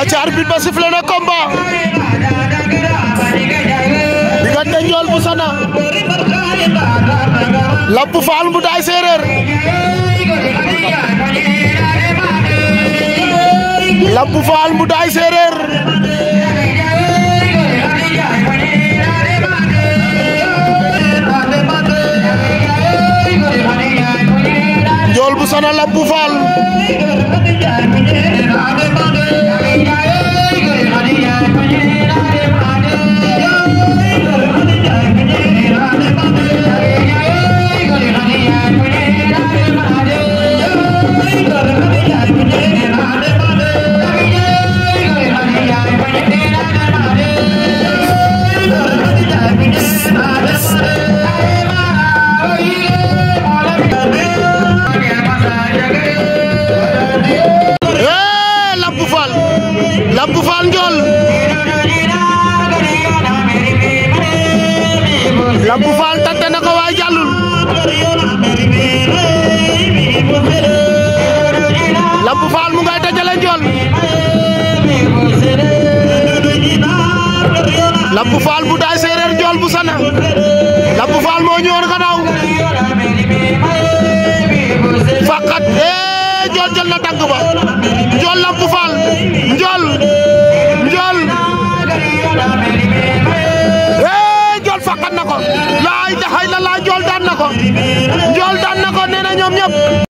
aca arbitre ba sifflé na combat diggante Ndiol bu Sana Lamp Fall bu Daay Séeréer Lamp Fall bu Daay bu Sana Lamp Fall Fall Lamp Fall Ndiol Lamp Fall tàtte na ko waaye jàllul Lamp Fall mu ngay dajale Ndiol Lamp Fall bu daay séeréer Ndiol bu sana Lamp Fall moo ñëwoon gannaaw faqat eh Ndiol jël na tànk ba Ndiol Lamp Fall Ndiol Ndiol eh Ndiol faqat na ko laa ilaha illallah Ndiol daan na ko Ndiol daan na ko nee na ñoom